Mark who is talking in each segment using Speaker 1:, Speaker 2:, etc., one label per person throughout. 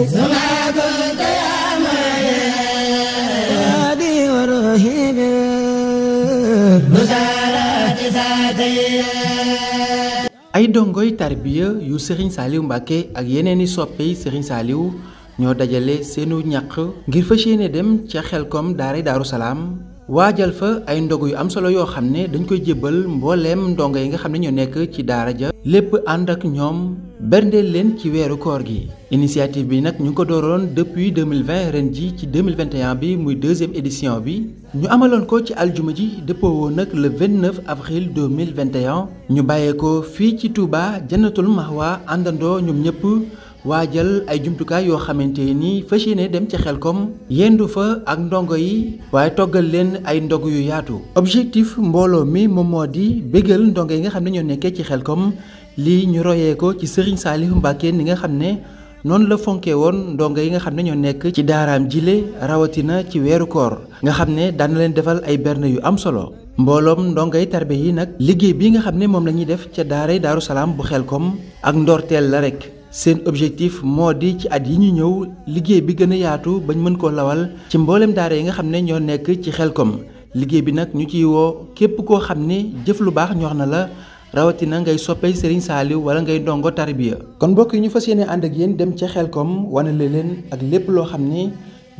Speaker 1: ay
Speaker 2: dongoy tarbiya yu Serigne Saliou Mbacke ak yeneeni i soppe yi Serigne ñoo dajale seenu ñaq ngir fas yéene dem ca xelkom daaray daaru salaam waajal fa ay ndogu yu am solo yoo xam ne dañ koy jébbal mbooleem ndongo yi nga xam ne ñoo nekk ci daara ja lépp ànd ak ñoom berndeel leen ci weeru koor gi initiative bi nag ñu ngi ko dooroon depuis 2020 ren ji ci 2021 bi muy deuxième édition bi ñu amaloon ko ci aljuma ji dëppoo woon nag le 29 avril 2021 ñu bàyyee ko fii ci Touba Jannatul Mahwa àndandoo ñoom ñëpp waajal ay jumtukaay yoo xamante nii fas yéene dem ci xel xelkom yendu fa ak ndongo yi waaye toggal leen ay ndog yu yaatu objectif mbooloo mi moom moo di bégal ndongo yi nga xam ne ñoo nekkee ci xelkom lii ñu royee ko ci Serigne Saliou Mbacké ni nga xam ne noonu la fonkee woon ndongo yi nga xam ne ñoo nekk ci daaraam jile rawatina ci weeru koor nga xam ne daan leen defal ay berne yu am solo mbooloom ndongay tarbe yi nag liggéey bi nga xam ne moom la ñuy def ca daaray daaru salaam bu xelkom ak ndorteel la rek seen objectif moo di ci at yi ñu ñëw liggéey bi gën a yaatu bañ mën koo lawal ci mboolem daara yi nga xam ne ñoo nekk ci xel koom liggéey bi nag ñu ciy woo képp koo xam ne jëf lu baax ñor na la rawatina ngay soppee Serigne Saliou wala ngay ndongo tarbiya kon mbokk yi ñu fas yéene ànd ak yéen dem ca Xelkom wane leen ak lépp loo xam ne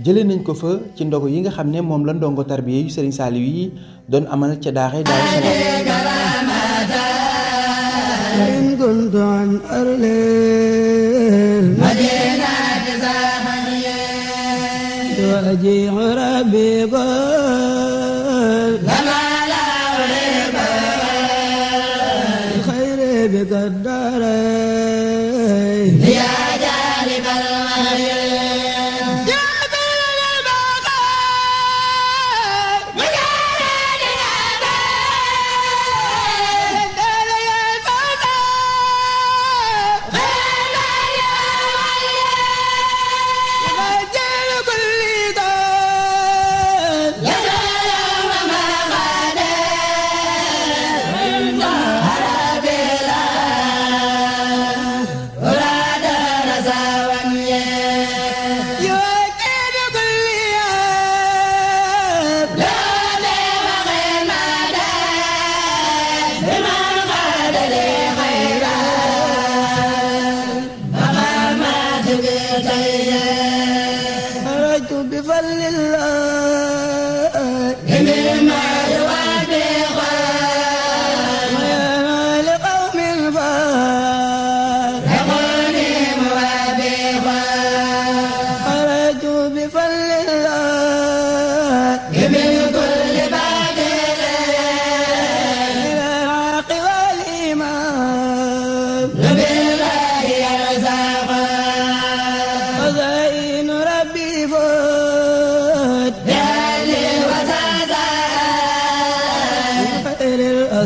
Speaker 2: jëlee nañ ko fa ci ndogo yi nga xam ne moom la ndongo tarbiya yu Serigne Saliou yi doon amal ca daara Daaru
Speaker 1: Salaam ji rabbi بفضل
Speaker 3: الله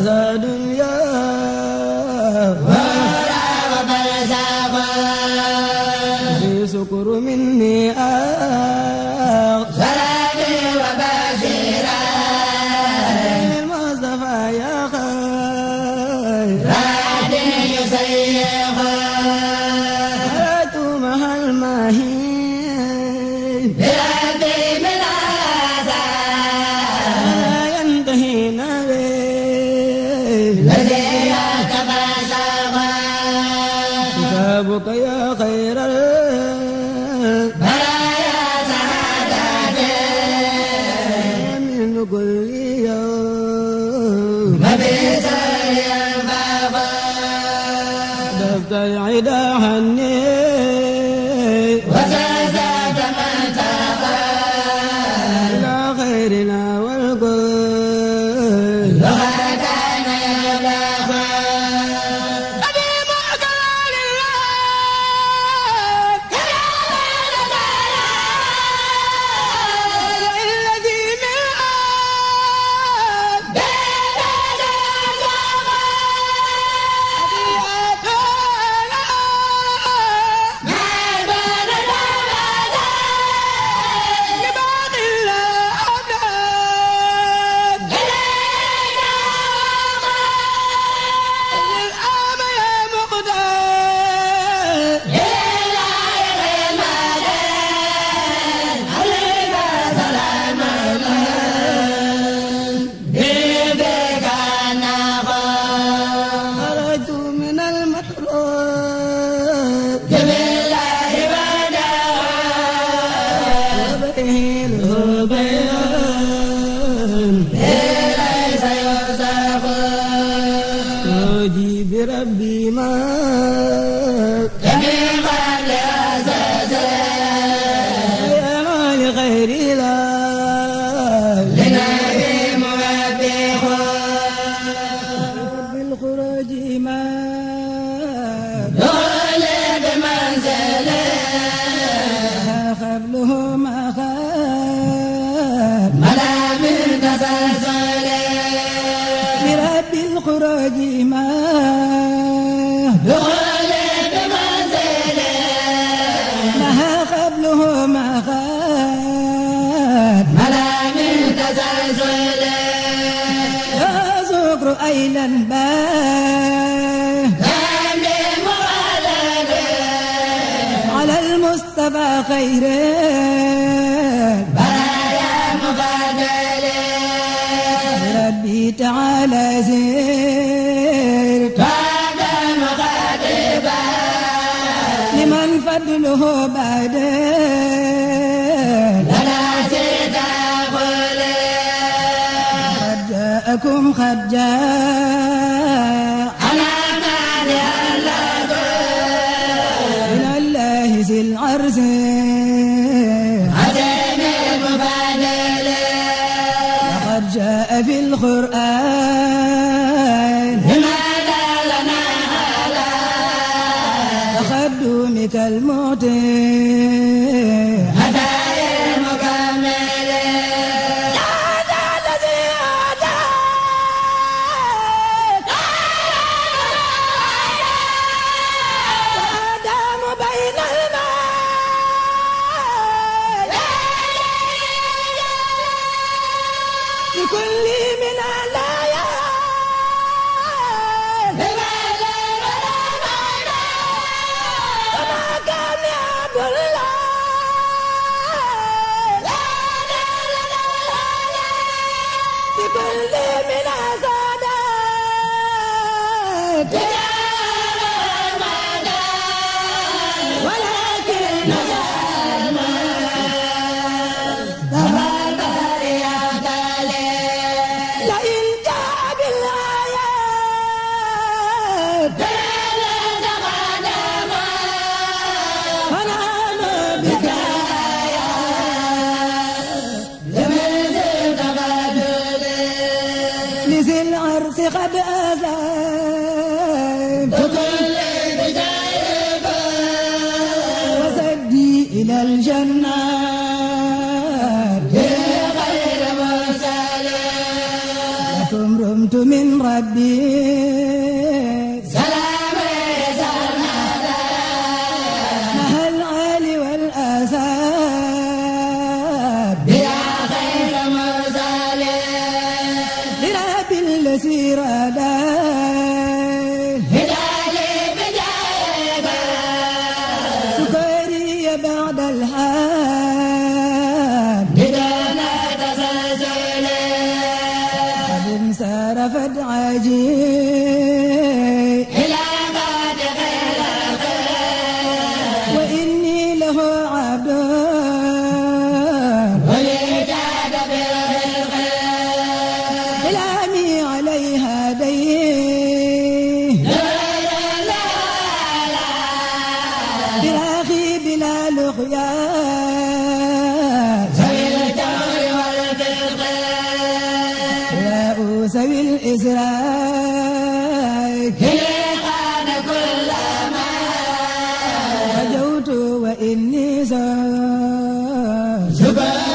Speaker 1: زاد الخلق يا خير
Speaker 4: على المصطفى خيره برايا مفضله ربي تعالى زين في القرآن yeah. زبان